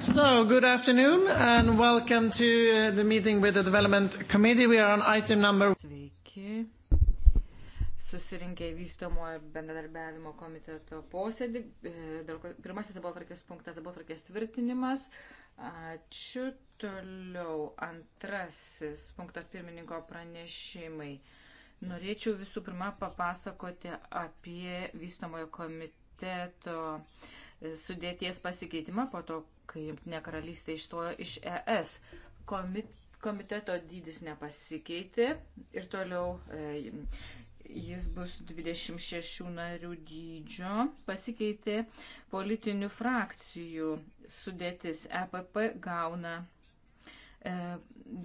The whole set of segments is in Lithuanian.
So, good afternoon and welcome to uh, the meeting with the Development Committee. We are on item number. Sveiki. Susirinkę į vystomojo bendradarbiavimo komiteto posėdį. E, pirmasis dabar tvarkės punktas dabar tvarkės tvirtinimas. Ačiū. Toliau antrasis punktas pirmininko pranešimai. Uh, Norėčiau visų pirma papasakoti apie vystomojo komiteto e, sudėties pasikeitimą po to, kai Junktinė karalystė išstojo iš ES. Komit, komiteto dydis nepasikeitė ir toliau e, jis bus 26 narių dydžio. Pasikeitė politinių frakcijų sudėtis. EPP gauna e,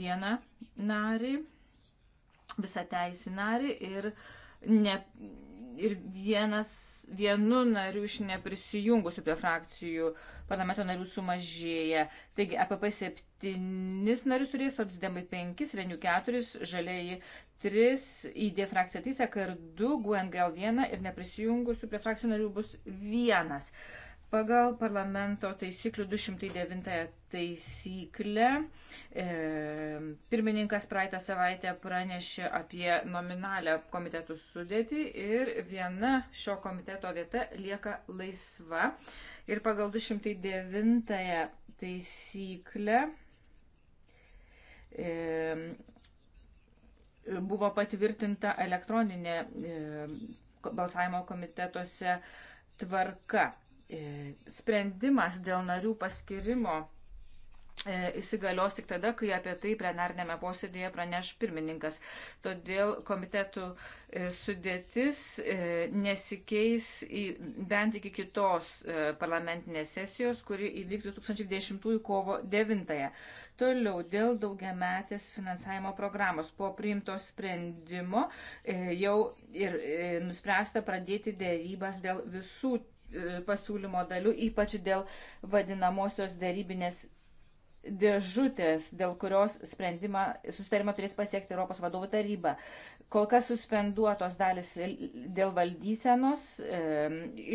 vieną narį visą teisį narį ir, ne, ir vienas, vienu nariu iš neprisijungusių prie frakcijų parlamento narių sumažėja. Taigi APP septynis narius turės, Sotsdemai penkis, Renių keturis, Žalieji tris, ID frakcija trys, EKR du, GUNGL vieną ir neprisijungusių prie frakcijų narių bus vienas. Uh, Pagal parlamento taisyklių 209 taisyklę e, pirmininkas praeitą savaitę pranešė apie nominalę komitetų sudėtį ir viena šio komiteto vieta lieka laisva. Ir pagal 209 taisyklę e, buvo patvirtinta elektroninė e, balsavimo komitetuose tvarka. E, sprendimas dėl narių paskirimo e, įsigalios tik tada, kai apie tai plenarnėme posėdėje praneš pirmininkas. Todėl komitetų e, sudėtis nesikeis į, bent iki kitos parlamentinės sesijos, kuri įvyks 2010 kovo 9. Toliau dėl daugiametės finansavimo programos. Po priimto sprendimo jau ir nuspręsta pradėti dėrybas dėl visų E, pasiūlymo dalių, ypač dėl vadinamosios darybinės dėžutės, dėl kurios sprendimą, sustarimą turės pasiekti Europos vadovų taryba. Kol kas suspenduotos dalis dėl valdysenos, e,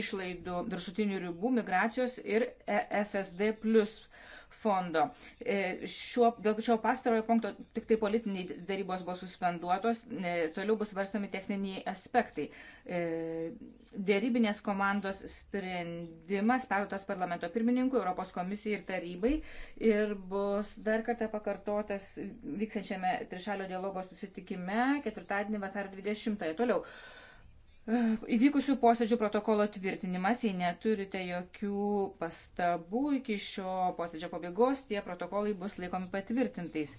išlaidų viršutinių ribų, migracijos ir EFSD plus fondo. E, šiuo, dėl šio pastarojo punkto tik tai politiniai darybos buvo suspenduotos, e, toliau bus varstomi techniniai aspektai. E, dėrybinės komandos sprendimas perduotas parlamento pirmininkui, Europos komisijai ir tarybai ir bus dar kartą pakartotas vyksančiame trišalio dialogo susitikime ketvirtadienį vasario 20-ąją. Toliau. Įvykusių posėdžių protokolo tvirtinimas, jei neturite jokių pastabų iki šio posėdžio pabaigos, tie protokolai bus laikomi patvirtintais.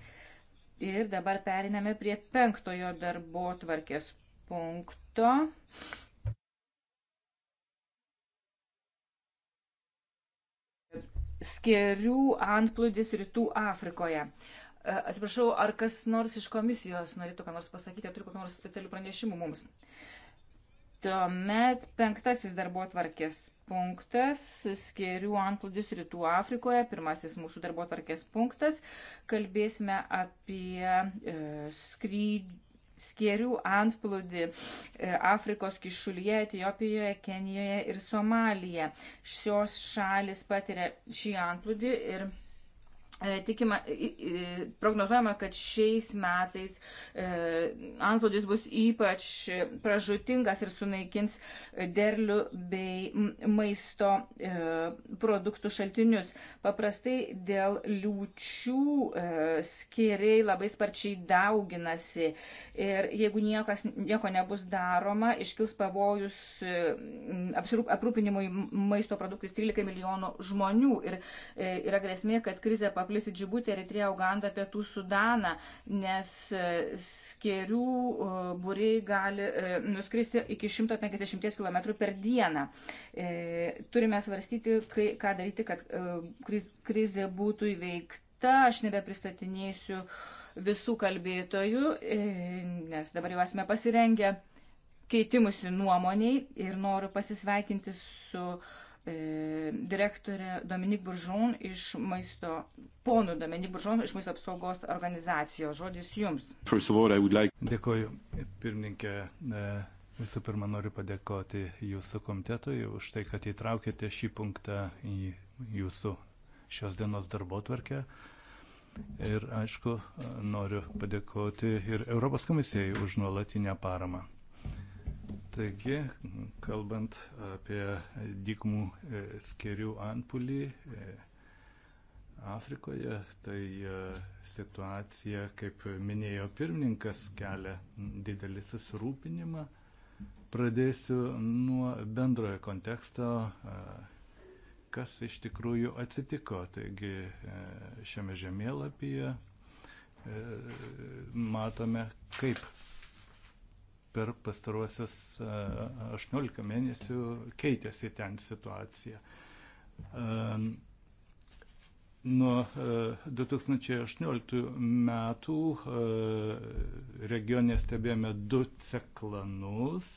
Ir dabar periname prie penktojo darbo tvarkės punkto. Skerių antplūdis rytų Afrikoje. E, atsiprašau, ar kas nors iš komisijos norėtų ką nors pasakyti, ar turi kokį nors specialių pranešimų mums? Uh, Tuomet penktasis darbo tvarkės punktas, skėrių antplūdis Rytų Afrikoje, pirmasis mūsų darbo tvarkės punktas. Kalbėsime apie e, skrydį skėrių antplūdį e, Afrikos kišulyje, Etijopijoje, Kenijoje ir Somalija. Šios šalis patiria šį antplūdį ir E, tikima, prognozuojama, kad šiais metais e, antplūdis bus ypač pražutingas ir sunaikins derlių bei maisto e, produktų šaltinius. Paprastai dėl liūčių skiriai labai sparčiai dauginasi ir jeigu niekas, nieko nebus daroma, iškils pavojus aprūpinimui maisto produktais 13 milijonų žmonių ir yra grėsmė, kad krizė paprastai paplisti Džibutį, Eritriją, Ugandą, Pietų Sudaną, nes e, skėrių e, būriai gali e, nuskristi iki 150 km per dieną. Turime svarstyti, ką daryti, kad krizė būtų įveikta. Aš nebepristatinėsiu visų kalbėtojų, nes dabar jau esame pasirengę keitimusi nuomoniai ir noriu pasisveikinti su uh, E, direktorė Dominik Buržon iš maisto, ponų Dominik Buržon iš maisto apsaugos organizacijos. Žodis jums. All, like... Dėkoju, pirmininkė. E, visų pirma, noriu padėkoti jūsų komitetui už tai, kad įtraukėte šį punktą į jūsų šios dienos darbo tvarkę. Ir aišku, noriu padėkoti ir Europos komisijai už nuolatinę paramą. Taigi, kalbant apie dykumų e, skerių antpulį e, Afrikoje, tai e, situacija, kaip minėjo pirmininkas, kelia didelį susirūpinimą. Pradėsiu nuo bendrojo konteksto, kas iš tikrųjų atsitiko. Taigi, šiame žemėlapyje matome, kaip per pastaruosius 18 mėnesių keitėsi ten situacija. Nuo 2018 metų regione stebėjome du ciklanus,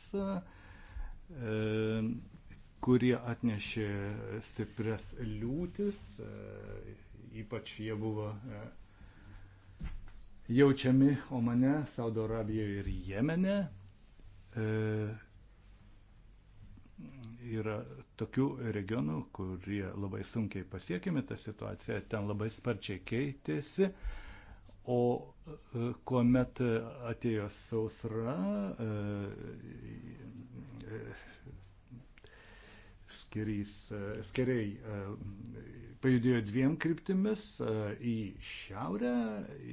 kurie atnešė stipres liūtis, ypač jie buvo jaučiami Omane, Saudo Arabijoje ir Jemene. E, yra tokių regionų, kurie labai sunkiai pasiekimi, ta situacija ten labai sparčiai keitėsi, o e, kuomet atėjo sausra, e, skirys, skiriai pajudėjo dviem kryptimis į šiaurę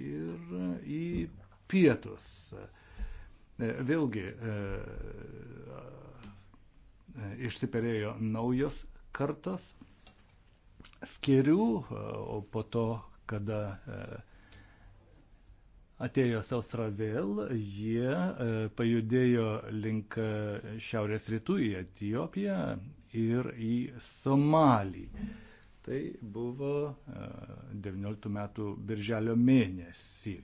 ir į pietus. E, vėlgi e, e, išsiperėjo naujos kartos skirių, o po to, kada atėjo sausra vėl, jie pajudėjo link šiaurės rytų į Etijopiją ir į Somalį. Tai buvo 19 metų birželio mėnesį.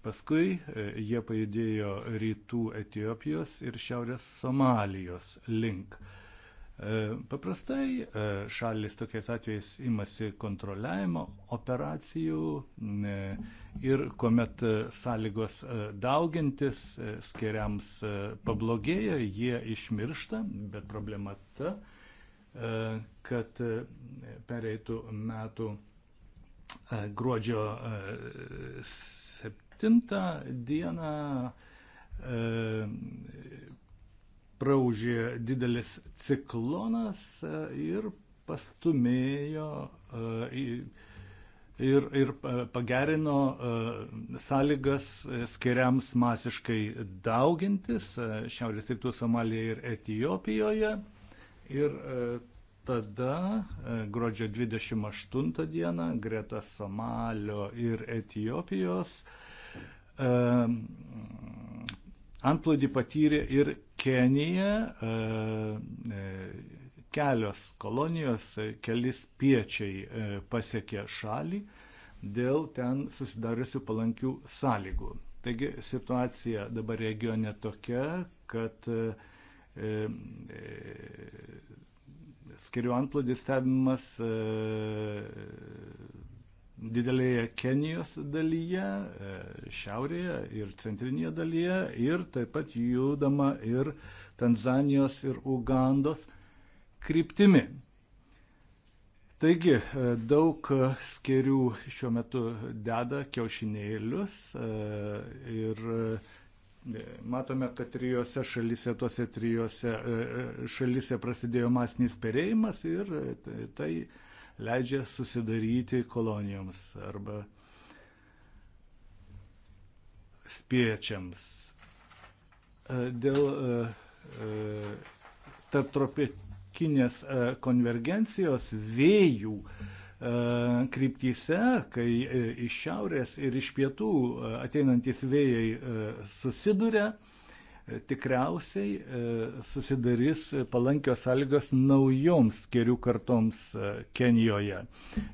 Paskui e, jie pajudėjo rytų Etijopijos ir šiaurės Somalijos link. E, paprastai e, šalis tokiais atvejais imasi kontroliavimo operacijų ir kuomet sąlygos daugintis skeriams pablogėja, jie išmiršta, bet problema ta, kad pereitų metų gruodžio 7 7 dieną e, praužė didelis ciklonas ir pastumėjo e, ir, e, ir e, pagerino e, sąlygas skiriams masiškai daugintis Šiaurės rytų Somalijoje ir Etijopijoje. Ir tada gruodžio 28 dieną greta Somalio ir Etijopijos uh, Antplūdį patyrė ir Kenija, e, kelios kolonijos, e, kelis piečiai e, pasiekė šalį dėl ten susidariusių palankių sąlygų. Taigi situacija dabar regione tokia, kad skirių antplūdis stebimas didelėje Kenijos dalyje, e, šiaurėje ir centrinėje dalyje ir taip pat judama ir Tanzanijos ir Ugandos kryptimi. Taigi e, daug skerių šiuo metu deda kiaušinėlius e, ir matome, kad trijose šalise, tuose trijose šalise prasidėjo masinis perėjimas ir tai, tai leidžia susidaryti kolonijoms arba spiečiams. E, dėl e, e, tarptropikinės konvergencijos vėjų kryptyse, kai iš šiaurės ir iš pietų ateinantis vėjai susiduria, tikriausiai e, susidarys palankios sąlygos naujoms kerių kartoms e, Kenijoje.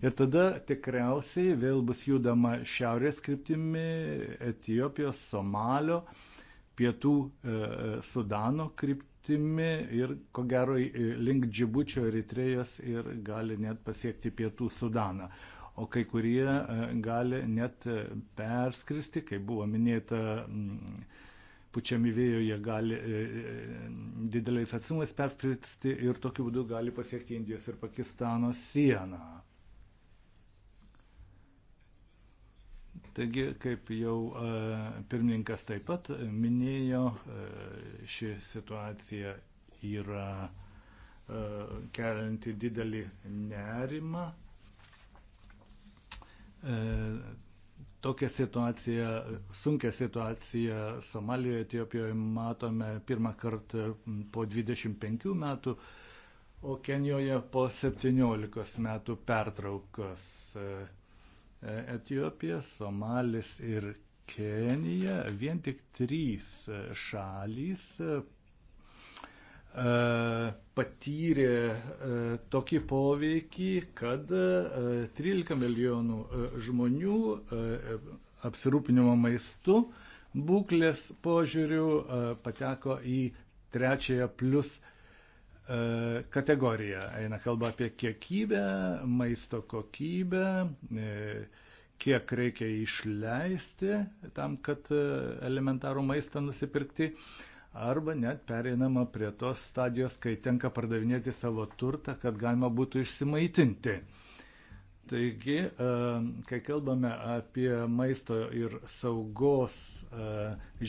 Ir tada tikriausiai vėl bus judama šiaurės kryptimi Etijopijos, Somalio, pietų e, Sudano kryptimi ir ko gero link Džibučio, Eritrejos ir gali net pasiekti pietų Sudaną o kai kurie gali net perskristi, kaip buvo minėta pučiami vėjo, jie gali e, e, dideliais atstumais perskristi ir tokiu būdu gali pasiekti Indijos ir Pakistano sieną. Taigi, kaip jau e, pirmininkas taip pat minėjo, ši situacija yra kelianti didelį nerimą. Tokią situaciją, sunkę situaciją Somalijoje, Etijopijoje matome pirmą kartą po 25 metų, o Kenijoje po 17 metų pertraukos. E, e, Etijopija, Somalis ir Kenija, vien tik trys e, šalys E, patyrė e, tokį poveikį, kad 13 e, milijonų žmonių apsirūpinimo maistu būklės požiūrių pateko į trečiąją plus kategoriją. Eina kalba apie kiekybę, maisto kokybę, kiek reikia išleisti tam, kad elementarų maistą nusipirkti arba net pereinama prie tos stadijos, kai tenka pardavinėti savo turtą, kad galima būtų išsimaitinti. Taigi, e, kai kalbame apie maisto ir saugos e,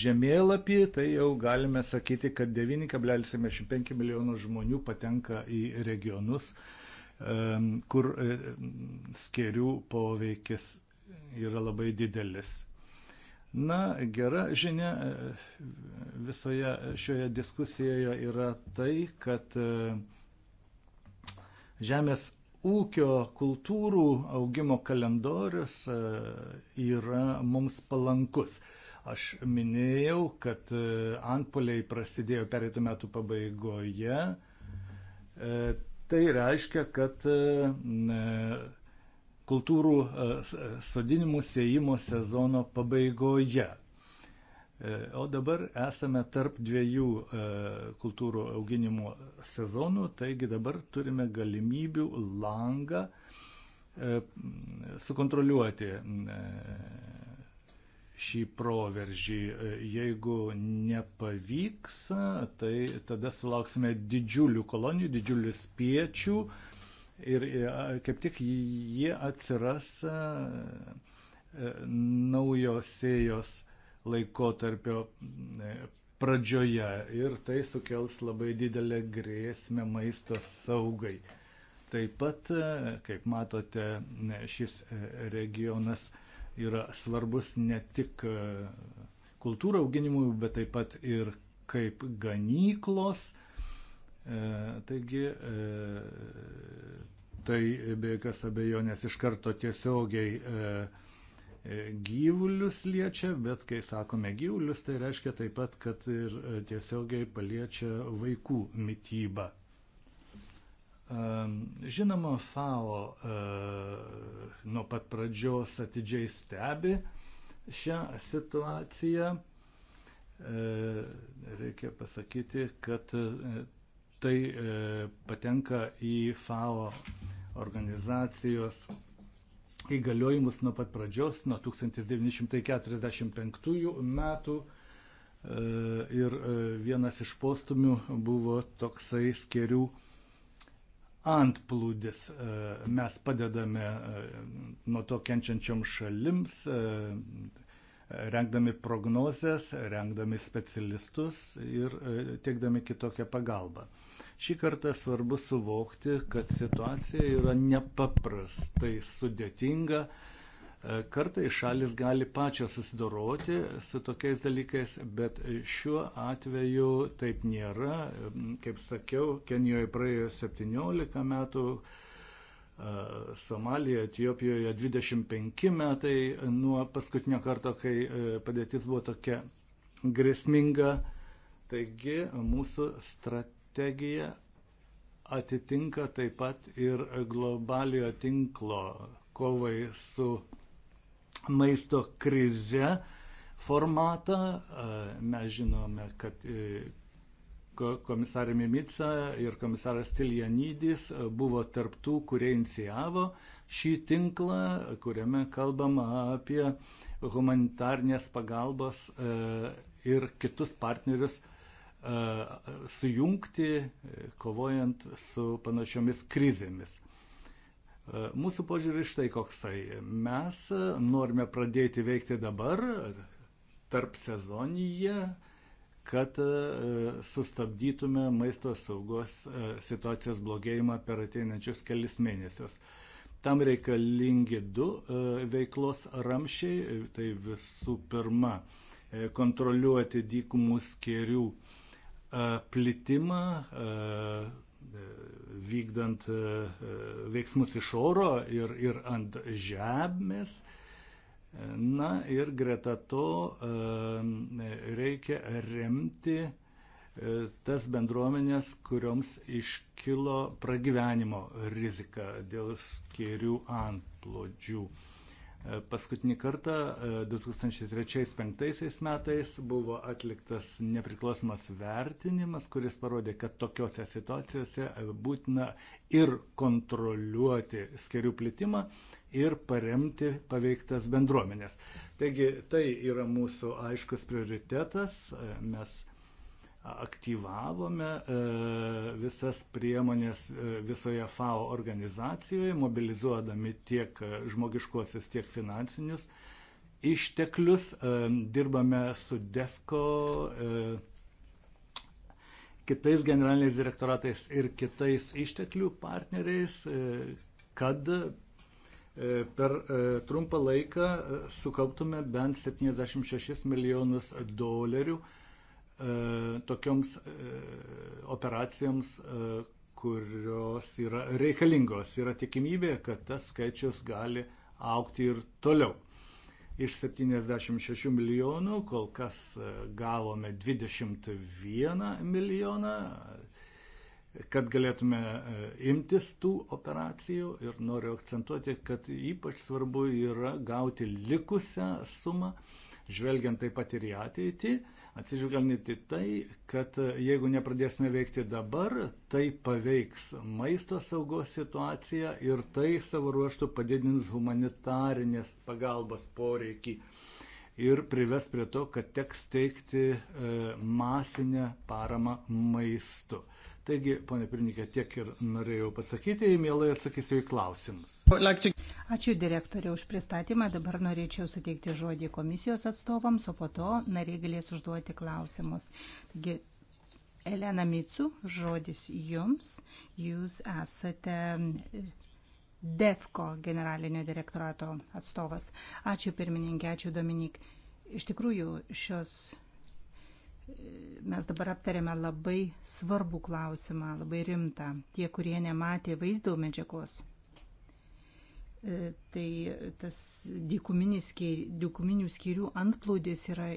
žemėlapį, tai jau galime sakyti, kad 9,75 milijonų žmonių patenka į regionus, e, kur skėrių poveikis yra labai didelis. Na, gera žinia e, visoje šioje diskusijoje yra tai, kad e, žemės ūkio kultūrų augimo kalendorius e, yra mums palankus. Aš minėjau, kad antpoliai prasidėjo pereitų metų pabaigoje. Tai reiškia, kad kultūrų e, sodinimų sėjimo sezono pabaigoje. E, o dabar esame tarp dviejų e, kultūrų auginimo sezonų, taigi dabar turime galimybių langą sukontroliuoti šį proveržį. Jeigu nepavyks, tai tada sulauksime didžiulių kolonijų, didžiulių spiečių, ir e, kaip tik jie atsiras e, e, naujo sėjos laikotarpio pradžioje ir tai sukels labai didelę grėsmę maisto saugai. Taip pat, kaip matote, šis regionas yra svarbus ne tik kultūrų auginimui, bet taip pat ir kaip ganyklos, E, taigi e, tai be jokios abejonės iš karto tiesiogiai e, gyvulius liečia, bet kai sakome gyvulius, tai reiškia taip pat, kad ir tiesiogiai paliečia vaikų mytybą. Žinoma, FAO nuo pat pradžios atidžiai stebi šią situaciją reikia pasakyti, kad Tai e, patenka į FAO organizacijos įgaliojimus nuo pat pradžios, nuo 1945 metų. E, ir e, vienas iš postumių buvo toksai skerių antplūdis. E, mes padedame nuo to kenčiančiom šalims, rengdami prognozes, rengdami specialistus ir e, teikdami kitokią pagalbą. Šį kartą svarbu suvokti, kad situacija yra nepaprastai sudėtinga. E, Kartai šalis gali pačios susidoroti su tokiais dalykais, bet šiuo atveju taip nėra. E, kaip sakiau, Kenijoje praėjo 17 metų, Somalijoje, Etijopijoje 25 metai nuo paskutinio karto, kai e, padėtis buvo tokia grėsminga. Taigi mūsų strategija atitinka taip pat ir globaliojo tinklo kovai su maisto krize formatą. Mes žinome, kad e, komisarė Mimica ir komisaras Tiljanydis buvo tarptų, kurie inicijavo šį tinklą, kuriame kalbama apie humanitarnės pagalbos e, ir kitus partnerius e, sujungti, kovojant su panašiomis krizėmis. E, mūsų požiūris štai koksai. Mes norime pradėti veikti dabar, tarp sezonyje, kad e, sustabdytume maisto saugos e, situacijos blogėjimą per ateinančius kelis mėnesius. Tam reikalingi du e, veiklos ramšiai, tai visų pirma kontroliuoti dykumų skėrių plitimą, vykdant veiksmus iš oro ir, ir ant žemės, Na ir greta to e, reikia remti e, tas bendruomenės, kurioms iškilo pragyvenimo rizika dėl skėrių antplodžių. E, paskutinį kartą 2003-2005 metais buvo atliktas nepriklausomas vertinimas, kuris parodė, kad tokiuose situacijose būtina ir kontroliuoti skerių plitimą, ir paremti paveiktas bendruomenės. Taigi tai yra mūsų aiškus prioritetas. Mes aktyvavome e, visas priemonės e, visoje FAO organizacijoje, mobilizuodami tiek e, žmogiškuosius, tiek finansinius išteklius. Dirbame su DEFCO, kitais generaliniais direktoratais ir kitais išteklių partneriais, kad E, per e, trumpą laiką e, sukauptume bent 76 milijonus dolerių tokioms operacijoms, kurios yra reikalingos. Yra tikimybė, kad tas skaičius gali aukti ir toliau. Iš 76 milijonų kol kas gavome 21 milijoną, kad galėtume e, imtis tų operacijų ir noriu akcentuoti, kad ypač svarbu yra gauti likusią sumą, žvelgiant taip pat ir į ateitį, atsižvelgiant į tai, kad e, jeigu nepradėsime veikti dabar, tai paveiks maisto saugos situaciją ir tai savo ruoštų padidins humanitarinės pagalbos poreikį ir prives prie to, kad teks teikti e, masinę paramą maistu. Taigi, ponė Pirnikė, tiek ir norėjau pasakyti, mielai atsakysiu į klausimus. Ačiū direktoriu už pristatymą, dabar norėčiau suteikti žodį komisijos atstovams, o po to nariai galės užduoti klausimus. Taigi, Elena Micu, žodis jums, jūs esate DEFCO generalinio direktorato atstovas. Ačiū pirmininkė, ačiū Dominik. Iš tikrųjų, šios mes dabar aptarėme labai svarbų klausimą, labai rimtą. Tie, kurie nematė vaizdo medžiagos, e, tai tas dykuminių skyrių antplūdis yra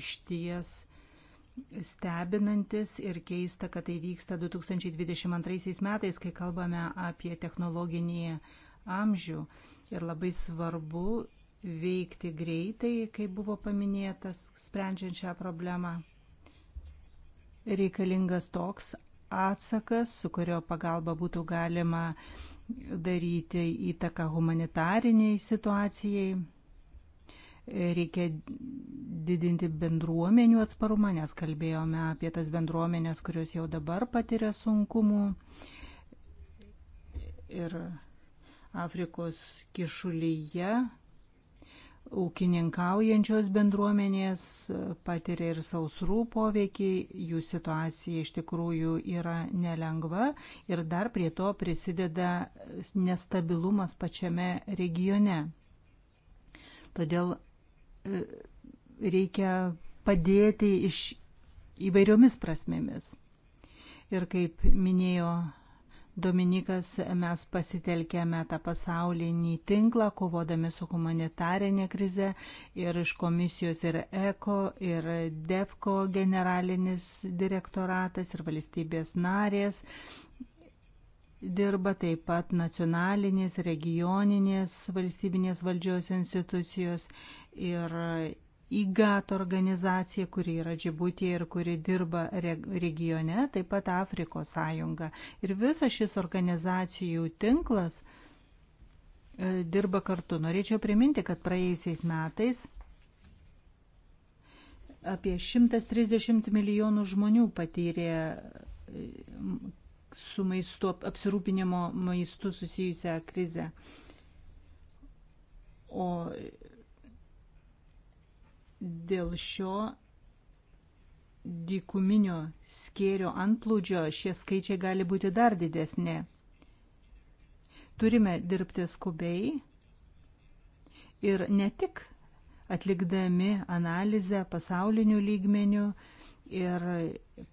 išties stebinantis ir keista, kad tai vyksta 2022 metais, kai kalbame apie technologinį amžių. Ir labai svarbu veikti greitai, kaip buvo paminėtas, sprendžiant šią problemą reikalingas toks atsakas, su kurio pagalba būtų galima daryti įtaką humanitariniai situacijai. Reikia didinti bendruomenių atsparumą, nes kalbėjome apie tas bendruomenės, kurios jau dabar patiria sunkumų. Ir Afrikos kišulyje ūkininkaujančios bendruomenės e, patiria ir sausrų poveikį, jų situacija iš tikrųjų yra nelengva ir dar prie to prisideda nestabilumas pačiame regione. Todėl e, reikia padėti iš įvairiomis prasmėmis. Ir kaip minėjo Dominikas, mes pasitelkėme tą pasaulinį tinklą, kovodami su humanitarinė krize ir iš komisijos ir ECO ir DEFCO generalinis direktoratas ir valstybės narės dirba taip pat nacionalinės, regioninės valstybinės valdžios institucijos ir IGAT organizacija, kuri yra Džibutė ir kuri dirba regione, taip pat Afrikos sąjunga. Ir visas šis organizacijų tinklas e, dirba kartu. Norėčiau priminti, kad praėjusiais metais apie 130 milijonų žmonių patyrė e, su maistu, apsirūpinimo maistu susijusią krizę. O Dėl šio dykuminio skėrio antplūdžio šie skaičiai gali būti dar didesnė. Turime dirbti skubiai ir ne tik atlikdami analizę pasaulinių lygmenių ir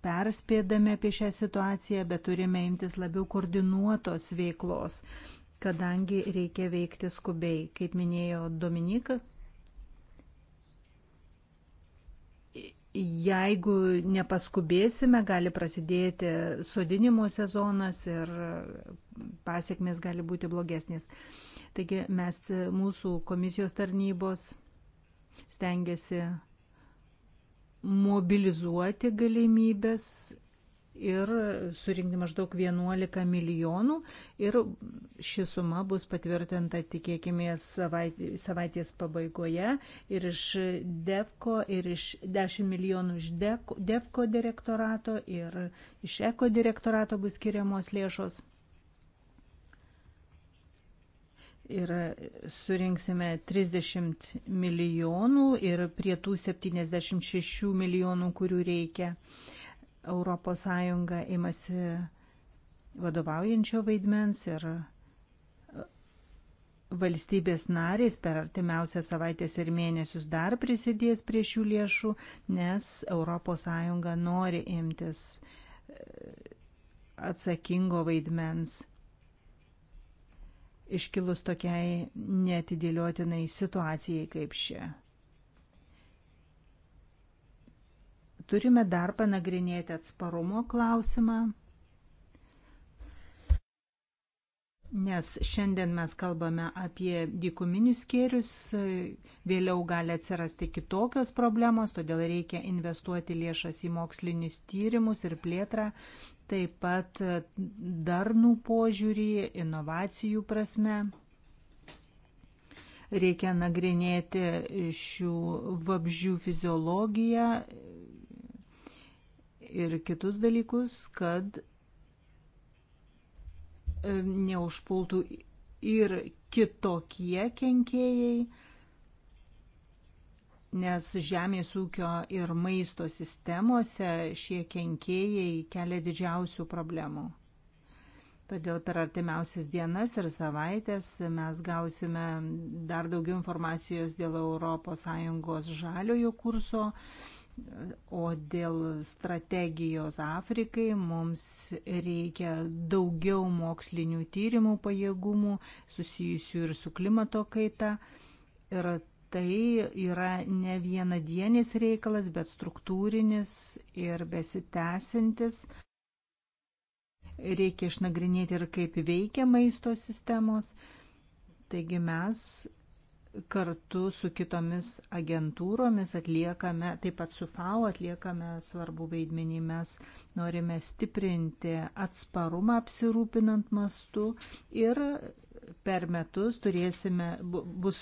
perspėdami apie šią situaciją, bet turime imtis labiau koordinuotos veiklos, kadangi reikia veikti skubiai. Kaip minėjo Dominikas, jeigu nepaskubėsime, gali prasidėti sodinimo sezonas ir pasiekmes gali būti blogesnės. Taigi mes mūsų komisijos tarnybos stengiasi mobilizuoti galimybės ir surinkti maždaug 11 milijonų ir ši suma bus patvirtinta tikėkime savaitės pabaigoje ir iš DEFCO ir iš 10 milijonų iš DEFCO direktorato ir iš ECO direktorato bus skiriamos lėšos. ir surinksime 30 milijonų ir prie tų 76 milijonų, kurių reikia. Uh, ES imasi vadovaujančio vaidmens ir e, valstybės narės per artimiausias savaitės ir mėnesius dar prisidės prie šių lėšų, nes ES nori imtis e, atsakingo vaidmens iškilus tokiai netidėliotinai situacijai kaip šia. turime dar panagrinėti atsparumo klausimą, nes šiandien mes kalbame apie dykuminius skėrius, vėliau gali atsirasti kitokios problemos, todėl reikia investuoti lėšas į mokslinius tyrimus ir plėtrą, taip pat darnų požiūrį, inovacijų prasme reikia nagrinėti šių vabzdžių fiziologiją, ir kitus dalykus, kad e, neužpultų ir kitokie kenkėjai, nes žemės ūkio ir maisto sistemose šie kenkėjai kelia didžiausių problemų. Todėl per artimiausias dienas ir savaitės mes gausime dar daugiau informacijos dėl ES žaliojo kurso O dėl strategijos Afrikai mums reikia daugiau mokslinių tyrimų pajėgumų susijusių ir su klimato kaita. Ir tai yra ne vienadienis reikalas, bet struktūrinis ir besitęsintis. Reikia išnagrinėti ir kaip veikia maisto sistemos. Taigi mes kartu su kitomis agentūromis atliekame, taip pat su FAO atliekame svarbų vaidmenį. Mes norime stiprinti atsparumą apsirūpinant mastu ir per metus turėsime, bus,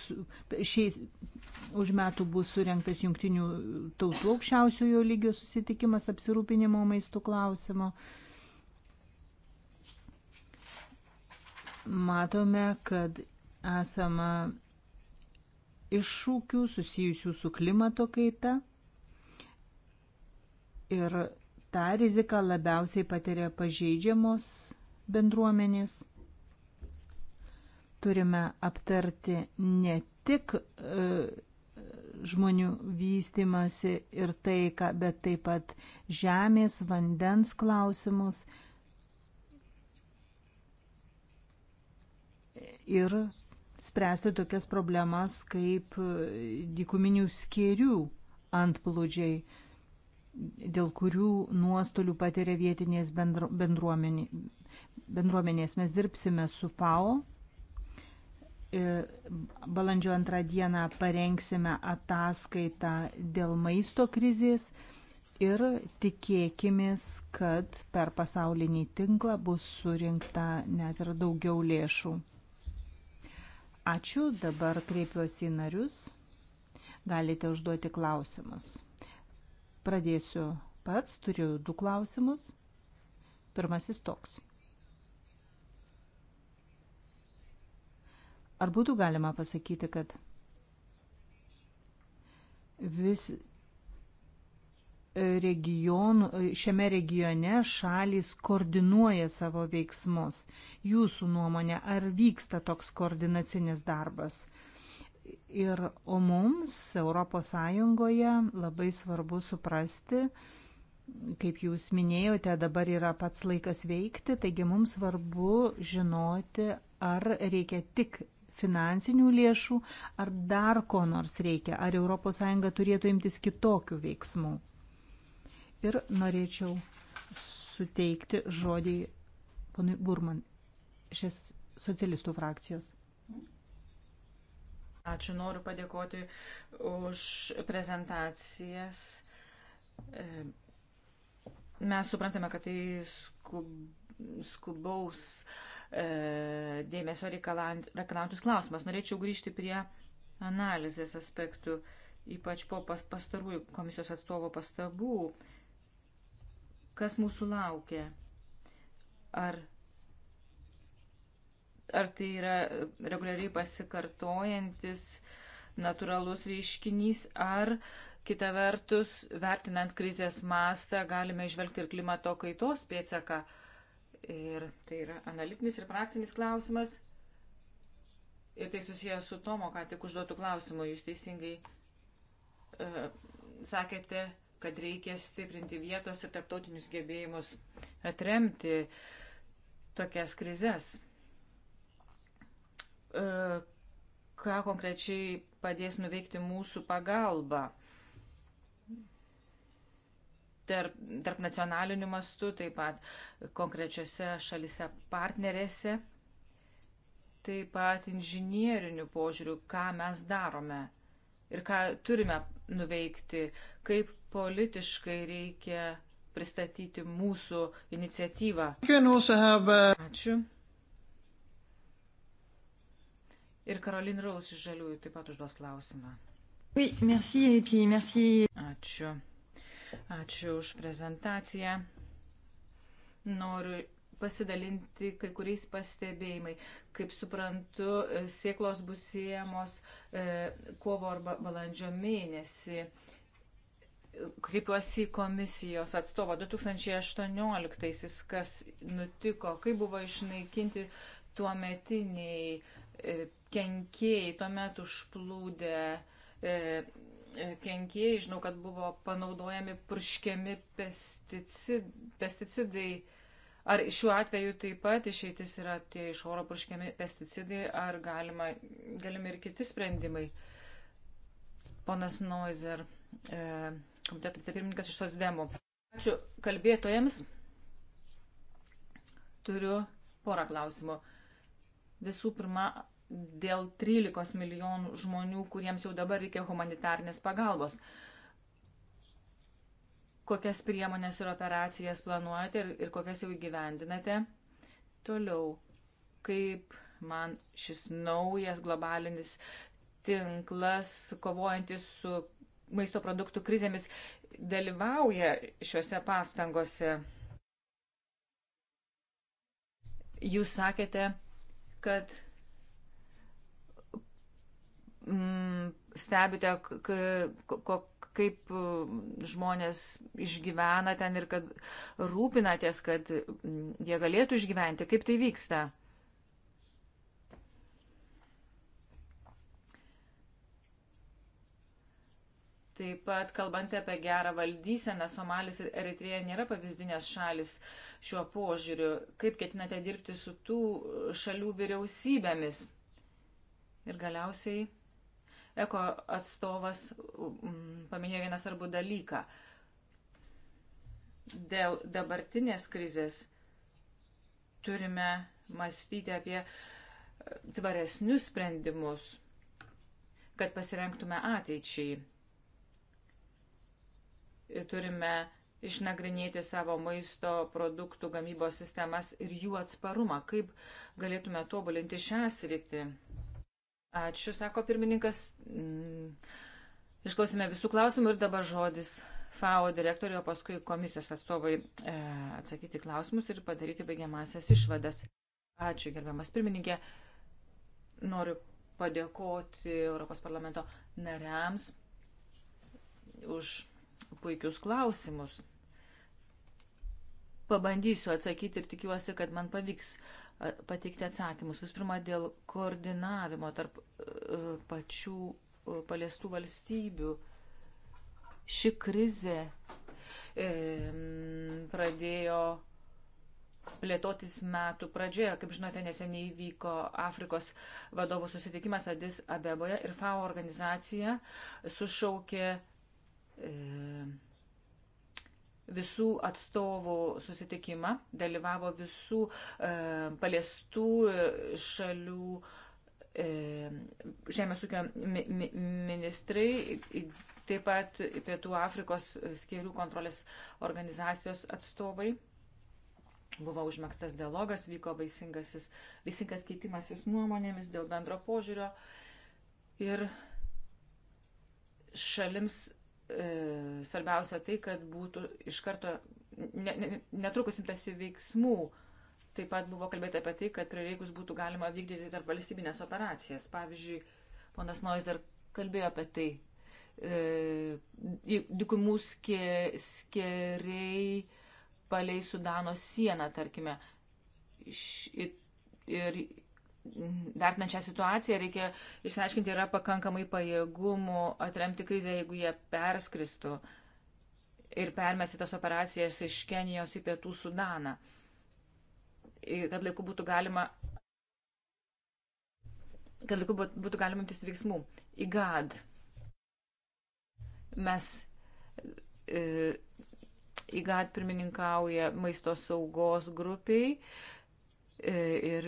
šiais, už metų bus surinktas jungtinių tautų aukščiausiojo lygio susitikimas apsirūpinimo maistų klausimo. Matome, kad esama iššūkių susijusių su klimato kaita ir tą riziką labiausiai patiria pažeidžiamos bendruomenės. Turime aptarti ne tik e, žmonių vystimasi ir taiką, bet taip pat žemės, vandens klausimus ir spręsti tokias problemas kaip e, dykuminių skėrių antplūdžiai, dėl kurių nuostolių patiria vietinės bendruomenė, bendruomenės. Mes dirbsime su FAO. E, balandžio antrą dieną parengsime ataskaitą dėl maisto krizės ir tikėkimės, kad per pasaulinį tinklą bus surinkta net ir daugiau lėšų. Ačiū, dabar kreipiuosi į narius. Galite užduoti klausimus. Pradėsiu pats, turiu du klausimus. Pirmasis toks. Ar būtų galima pasakyti, kad vis regionų, šiame regione šalys koordinuoja savo veiksmus. Jūsų nuomonė, ar vyksta toks koordinacinis darbas? Ir o mums, ES, labai svarbu suprasti, kaip jūs minėjote, dabar yra pats laikas veikti, taigi mums svarbu žinoti, ar reikia tik finansinių lėšų, ar dar ko nors reikia, ar ES turėtų imtis kitokių veiksmų ir norėčiau suteikti žodį ponui Burman iš socialistų frakcijos. Ačiū, noriu padėkoti už prezentacijas. E, mes suprantame, kad tai skub, skubaus e, dėmesio reikalaujantis klausimas. Norėčiau grįžti prie analizės aspektų, ypač po pastarųjų komisijos atstovo pastabų. E, kas mūsų laukia. Ar, ar tai yra reguliariai pasikartojantis natūralus reiškinys, ar kita vertus, vertinant krizės mastą, galime išvelgti ir klimato kaitos pėtsaką. Ir tai yra analitinis ir praktinis klausimas. Ir tai susijęs su Tomo, ką tik užduotų klausimu, jūs teisingai uh, sakėte, kad reikia stiprinti vietos ir tarptautinius gebėjimus atremti tokias krizes. E, ką konkrečiai padės nuveikti mūsų pagalba? Tarp, tarp nacionalinių mastų, taip pat konkrečiose šalise partnerėse, taip pat inžinierinių požiūrių, ką mes darome ir ką turime nuveikti, kaip politiškai reikia pristatyti mūsų iniciatyvą. Uh, Ačiū. Ir Karolin Raus iš Žaliųjų taip pat užduos klausimą. Oui, merci, et puis merci. Ačiū. Ačiū už prezentaciją. Noriu pasidalinti kai kuriais pastebėjimai. Kaip suprantu, sėklos bus siejamos e, kovo arba balandžio mėnesį kreipiuosi į komisijos atstovą 2018-aisiais, kas nutiko, kaip buvo išnaikinti tuo metiniai e, kenkėjai, tuo metu užplūdė e, e, kenkėjai, žinau, kad buvo panaudojami purškiami pesticid, pesticidai. Ar šiuo atveju taip pat išeitis yra tie iš oro purškiami pesticidai, ar galima, galimi ir kiti sprendimai? Ponas Noizer, e, komiteto vicepirmininkas iš Sosdemų. Ačiū kalbėtojams. Turiu porą klausimų. Visų pirma, dėl 13 milijonų žmonių, kuriems jau dabar reikia humanitarnės pagalbos. Uh, kokias priemonės ir operacijas planuojate ir, ir kokias jau įgyvendinate. Toliau, kaip man šis naujas globalinis tinklas, kovojantis su maisto produktų krizėmis, dalyvauja šiuose pastangose. Jūs sakėte, kad mm, stebite, kaip e, žmonės išgyvena ten ir kad rūpinatės, kad jie galėtų išgyventi, kaip tai vyksta. Taip pat, kalbant apie gerą valdyseną, Somalis ir Eritrėja nėra pavyzdinės šalis šiuo požiūriu. Kaip ketinate dirbti su tų šalių vyriausybėmis? Ir galiausiai Eko atstovas um, paminėjo vieną svarbų dalyką. Dėl dabartinės krizės turime mąstyti apie e, tvaresnius sprendimus, kad pasirenktume ateičiai. Turime išnagrinėti savo maisto produktų gamybos sistemas ir jų atsparumą, kaip galėtume tobulinti šią sritį. Ačiū, sako pirmininkas. Mm, išklausime visų klausimų ir dabar žodis FAO direktoriui, o paskui komisijos atstovai e, atsakyti klausimus ir padaryti baigiamasias išvadas. Ačiū, gerbiamas pirmininkė. Noriu padėkoti Europos parlamento nariams už puikius klausimus. Pabandysiu atsakyti ir tikiuosi, kad man pavyks. E, pateikti atsakymus. Vis pirma, dėl koordinavimo tarp e, pačių e, paliestų valstybių. Ši krizė e, pradėjo plėtotis metų pradžioje. Kaip žinote, neseniai vyko Afrikos vadovų susitikimas Adis Abeboje ir FAO organizacija sušaukė e, visų atstovų susitikimą, dalyvavo visų e, paliestų e, šalių e, žemės ūkio mi, mi, ministrai, taip pat Pietų Afrikos skėrių kontrolės organizacijos atstovai. Buvo užmėgstas dialogas, vyko vaisingas keitimasis nuomonėmis dėl bendro požiūrio ir šalims E, svarbiausia tai, kad būtų iš karto ne, ne, netrukus imtasi veiksmų. Taip pat buvo kalbėta apie tai, kad prireikus būtų galima vykdyti tarp valstybinės operacijas. Pavyzdžiui, ponas Noizer kalbėjo apie tai. E, Dikumų ske, skeriai palei Sudano sieną, tarkime, iš, ir vertinant šią situaciją, reikia išsiaiškinti, yra pakankamai pajėgumų atremti krizę, jeigu jie perskristų ir permesti tas operacijas iš Kenijos į pietų Sudaną. Kad laiku būtų galima kad laiku būtų galima imtis veiksmų. IGAD. Mes IGAD pirmininkauja maisto saugos grupiai. E, E, ir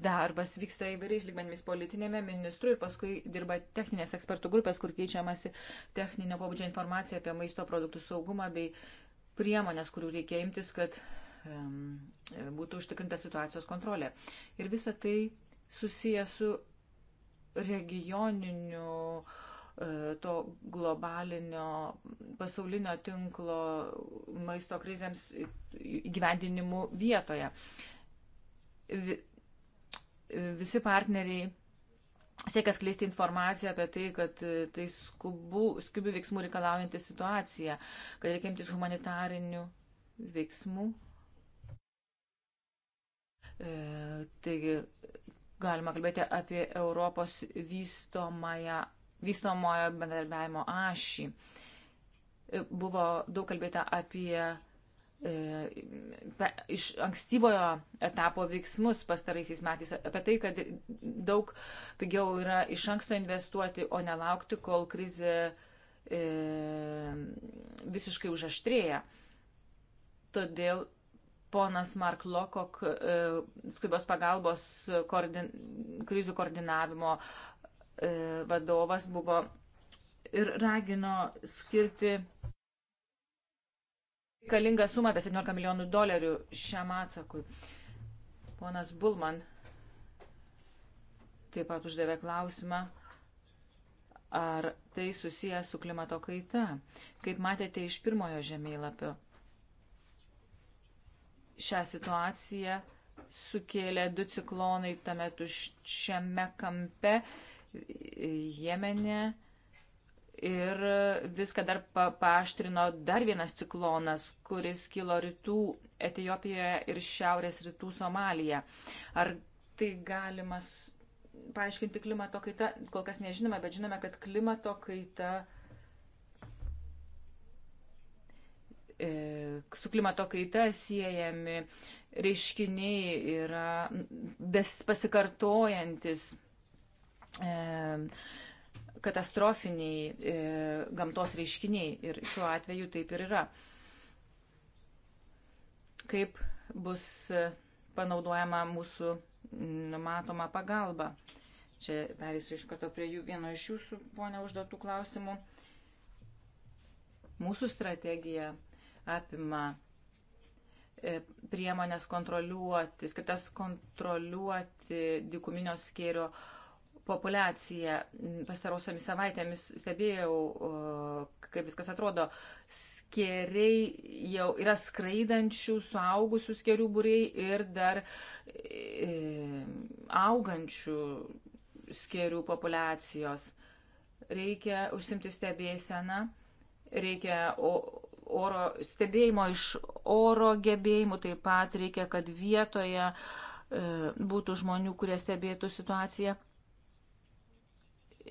darbas vyksta įvairiais lygmenimis politinėme ministrų ir paskui dirba techninės ekspertų grupės, kur keičiamasi techninio pobūdžio informacija apie maisto produktų saugumą bei priemonės, kurių reikia imtis, kad um, būtų užtikrinta situacijos kontrolė. Ir visa tai susiję su regioniniu e, to globalinio pasaulinio tinklo maisto krizėms įgyvendinimu vietoje. Uh, visi partneriai siekia skleisti informaciją apie tai, kad e, tai skubu, skubių veiksmų reikalaujanti situacija, kad reikia imtis humanitarinių veiksmų. E, taigi galima kalbėti apie Europos vystomąją, vystomojo bendradarbiavimo ašį. E, buvo daug kalbėta apie E, iš ankstyvojo etapo veiksmus pastaraisiais metais, apie tai, kad daug pigiau yra iš anksto investuoti, o nelaukti, kol krizė e, visiškai užaštrėja. Todėl ponas Mark Lokok e, skubios pagalbos koordin, krizių koordinavimo e, vadovas buvo ir ragino skirti reikalinga suma apie 17 milijonų dolerių šiam atsakui. Ponas Bulman taip pat uždavė klausimą, ar tai susijęs su klimato kaita. Kaip matėte iš pirmojo žemėlapio, šią situaciją sukėlė du ciklonai tame tuščiame kampe Jemene ir viską dar pa paaštrino dar vienas ciklonas, kuris kilo rytų Etijopijoje ir šiaurės rytų Somalija. Ar tai galima paaiškinti klimato kaita? Kol kas nežinome, bet žinome, kad klimato kaita. E, su klimato kaita siejami reiškiniai yra bes pasikartojantis e, katastrofiniai e, gamtos reiškiniai ir šiuo atveju taip ir yra. Kaip bus e, panaudojama mūsų numatoma pagalba? Čia perėsiu iš karto prie jų, vieno iš jūsų, ponia, užduotų klausimų. Mūsų strategija apima e, priemonės kontroliuoti, skirtas kontroliuoti dikuminio skėrio uh, populiaciją. Pastarosiomis savaitėmis stebėjau, e, kaip viskas atrodo. Skeriai jau yra skraidančių, suaugusių skerių būriai ir dar e, augančių skerių populacijos. Reikia užsimti stebėseną, reikia oro, stebėjimo iš oro gebėjimų, taip pat reikia, kad vietoje e, būtų žmonių, kurie stebėtų situaciją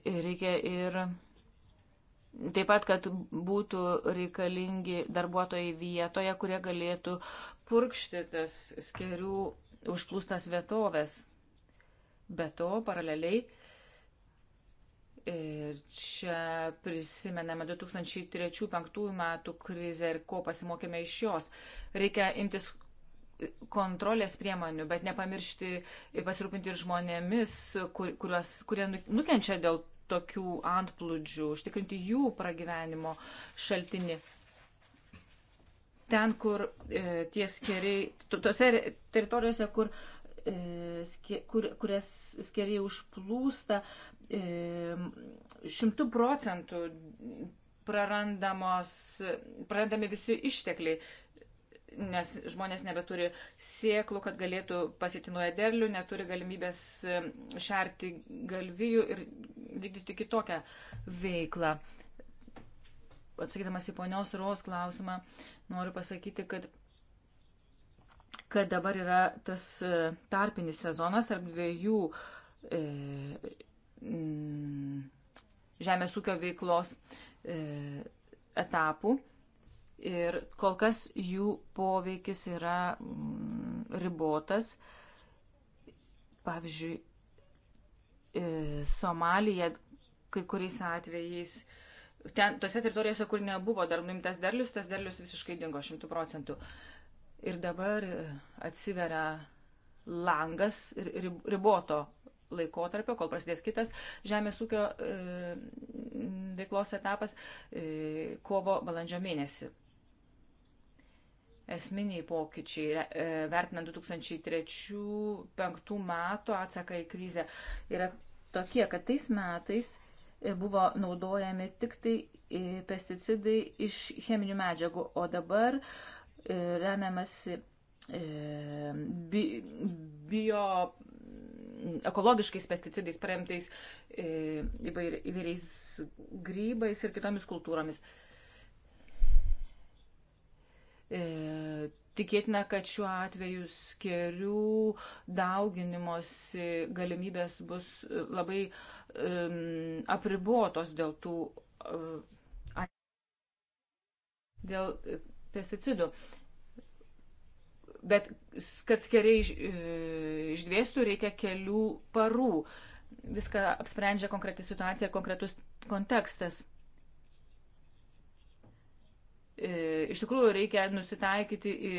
Reikia ir taip pat, kad būtų reikalingi darbuotojai vietoje, kurie galėtų purkšti tas skerių užplūstas vietovės. Be to, paraleliai, e, čia prisimename 2003-2005 metų krizę ir ko pasimokėme iš jos. Reikia imtis kontrolės priemonių, bet nepamiršti ir pasirūpinti ir žmonėmis, kur, kuriuos, kurie nu, nukenčia dėl tokių antplūdžių, užtikrinti jų pragyvenimo šaltinį. Ten, kur e, tie skeriai, tose teritorijose, kur, e, sker, kur, kurias skeriai užplūsta, e, šimtų procentų prarandami visi ištekliai nes žmonės nebeturi sieklų, kad galėtų pasitinuoja derlių, neturi galimybės e, šerti galvijų ir vykdyti kitokią veiklą. Atsakydamas į ponios Ros klausimą, noriu pasakyti, kad, kad dabar yra tas e, tarpinis sezonas tarp dviejų e, žemės ūkio veiklos e, etapų Ir kol kas jų poveikis yra mm, ribotas. Pavyzdžiui, e, Somalija kai kuriais atvejais, ten, tose teritorijose, kur nebuvo dar nuimtas derlius, tas derlius visiškai dingo šimtų procentų. Ir dabar e, atsiveria langas riboto laikotarpio, kol prasidės kitas žemės ūkio e, veiklos etapas e, kovo balandžio mėnesį esminiai pokyčiai, e, vertinant 2003-2005 metų atsaką į krizę, yra tokie, kad tais metais e, buvo naudojami tik tai e, pesticidai iš cheminių medžiagų, o dabar remiamasi bi, bio ekologiškais pesticidais paremtais įvairiais grybais ir kitomis kultūromis. E, E, tikėtina, kad šiuo atveju skerių dauginimosi galimybės bus labai e, apribuotos dėl tų e, dėl pesticidų. Bet kad skeriai iš, e, išdvėstų, reikia kelių parų. Viską apsprendžia konkreti situacija ir konkretus kontekstas. E, iš tikrųjų, reikia nusitaikyti į,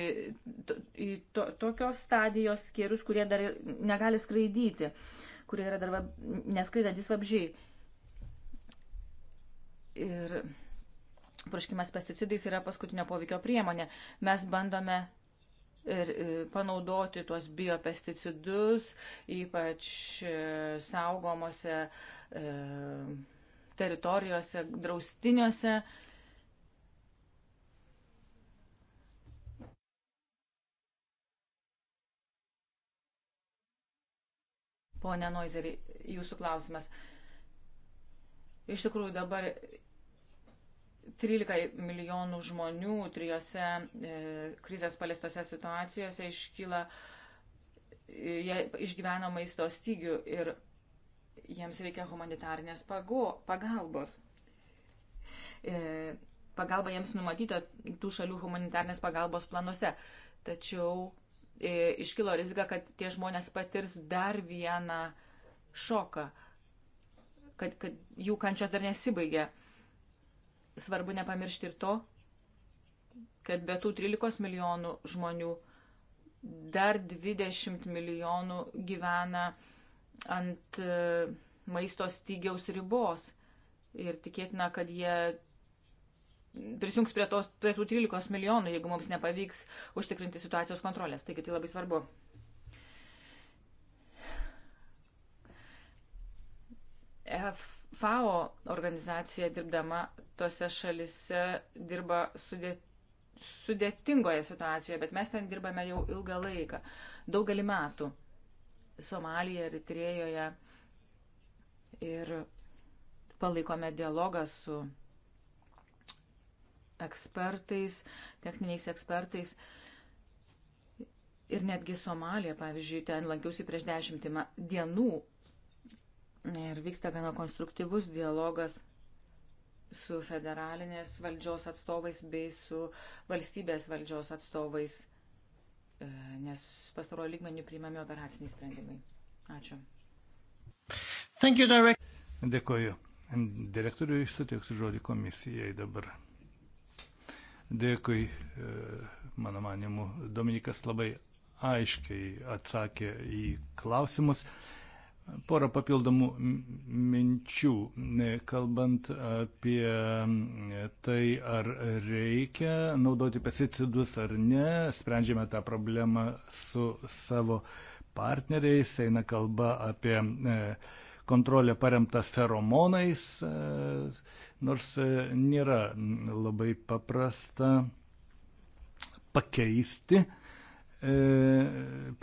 į to, tokios stadijos skėrius, kurie dar negali skraidyti, kurie yra dar vab, neskraidantis vabžiai. Ir praškimas pesticidais yra paskutinio poveikio priemonė. Mes bandome ir e, panaudoti tuos biopesticidus, ypač e, saugomose teritorijose, draustiniuose. Pone Noizerį, jūsų klausimas. Iš tikrųjų, dabar 13 milijonų žmonių trijose e, krizės paliestose situacijose iškyla, e, jie išgyvena maisto stygių ir jiems reikia humanitarnės pago, pagalbos. E, pagalba jiems numatyta tų šalių humanitarnės pagalbos planuose. Tačiau E, iškilo rizika, kad tie žmonės patirs dar vieną šoką, kad, kad jų kančios dar nesibaigė. Svarbu nepamiršti ir to, kad be tų 13 milijonų žmonių dar 20 milijonų gyvena ant e, maisto stygiaus ribos. Ir tikėtina, kad jie prisijungs prie, tos, prie tų 13 milijonų, jeigu mums nepavyks užtikrinti situacijos kontrolės. Taigi tai labai svarbu. FAO organizacija dirbdama tose šalise dirba sudėtingai sudėtingoje situacijoje, bet mes ten dirbame jau ilgą laiką, daugelį metų. Somalija, Eritrėjoje ir palaikome dialogą su ekspertais, techniniais ekspertais. Ir netgi Somalija, pavyzdžiui, ten lankiausi prieš dešimtį dienų ir vyksta gana konstruktyvus dialogas su federalinės valdžios atstovais bei su valstybės valdžios atstovais, e, nes pastaro lygmenių priimami operaciniai sprendimai. Ačiū. You, Dėkoju. Direktoriui suteiksiu žodį komisijai dabar. Dėkui, e, mano manimu, Dominikas labai aiškiai atsakė į klausimus. Porą papildomų minčių, e, kalbant apie e, tai, ar reikia naudoti pesticidus ar ne, sprendžiame tą problemą su savo partneriais, eina kalba apie e, kontrolė paremta feromonais, e, nors e, nėra labai paprasta pakeisti e,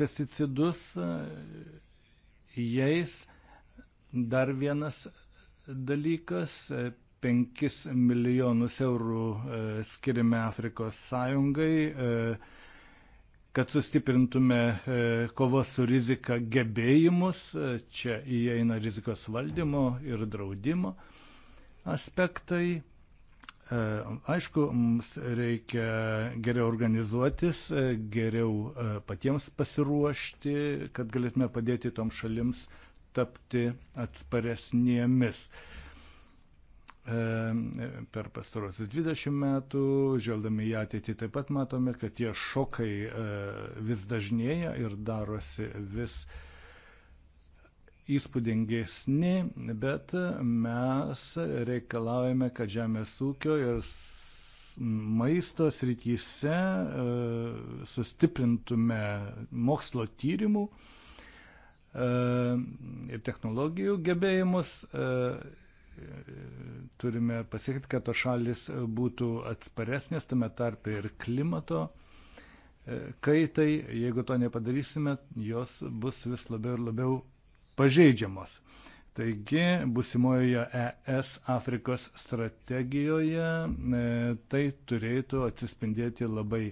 pesticidus jais. Dar vienas dalykas 5 milijonus eurų skirime Afrikos sąjungai, kad sustiprintume e, kovos su rizika gebėjimus. E, čia įeina rizikos valdymo ir draudimo aspektai. E, aišku, mums reikia geriau organizuotis, geriau patiems pasiruošti, kad galėtume padėti toms šalims tapti atsparesnėmis per pastarosius 20 metų, žvelgdami į ateitį taip pat matome, kad tie šokai e, vis dažnėja ir darosi vis įspūdingesni, bet mes reikalaujame, kad žemės ūkio ir maisto srityse e, sustiprintume mokslo tyrimų e, ir technologijų gebėjimus turime pasiekti, kad tos šalis būtų atsparesnės, tame tarpe ir klimato e, kaitai. Jeigu to nepadarysime, jos bus vis labiau ir labiau pažeidžiamos. Taigi, busimojoje ES Afrikos strategijoje e, tai turėtų atsispindėti labai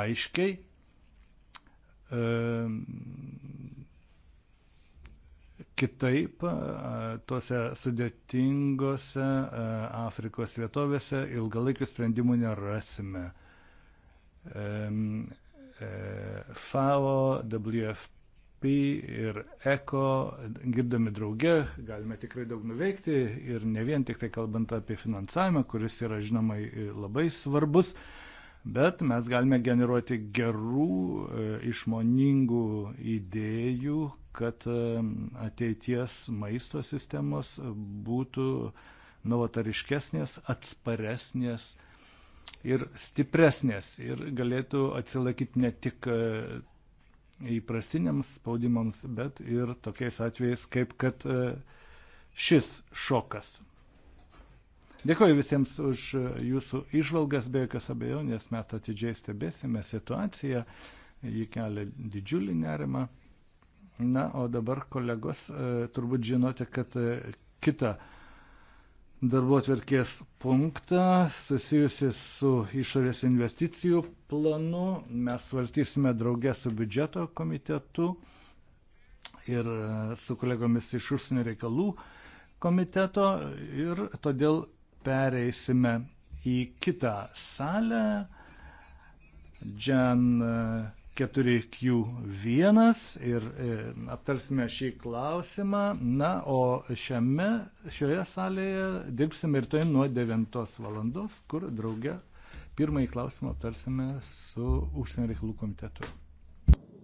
aiškiai. E, kitaip tuose sudėtingose Afrikos vietovėse ilgalaikių sprendimų nerasime. E, FAO, WFP ir ECO, girdami drauge, galime tikrai daug nuveikti ir ne vien tik tai kalbant apie finansavimą, kuris yra žinoma labai svarbus, bet mes galime generuoti gerų, e, išmoningų idėjų, kad e, ateities maisto sistemos būtų novatariškesnės, atsparesnės ir stipresnės ir galėtų atsilaikyti ne tik e, įprastiniams spaudimams, bet ir tokiais atvejais, kaip kad e, šis šokas. Dėkoju visiems už jūsų išvalgas, be jokios abejonės mes atidžiai stebėsime situaciją, ji kelia didžiulį nerimą. Na, o dabar, kolegos, e, turbūt žinote, kad e, kitą darbo atverkės punktą susijusi su išorės investicijų planu mes svarstysime draugę su biudžeto komitetu ir e, su kolegomis iš užsienio reikalų komiteto ir todėl pereisime į kitą salę. Džan 4Q1 ir e, aptarsime šį klausimą. Na, o šiame, šioje salėje dirbsime ir toje nuo 9 valandos, kur drauge pirmąjį klausimą aptarsime su užsienio reikalų komitetu.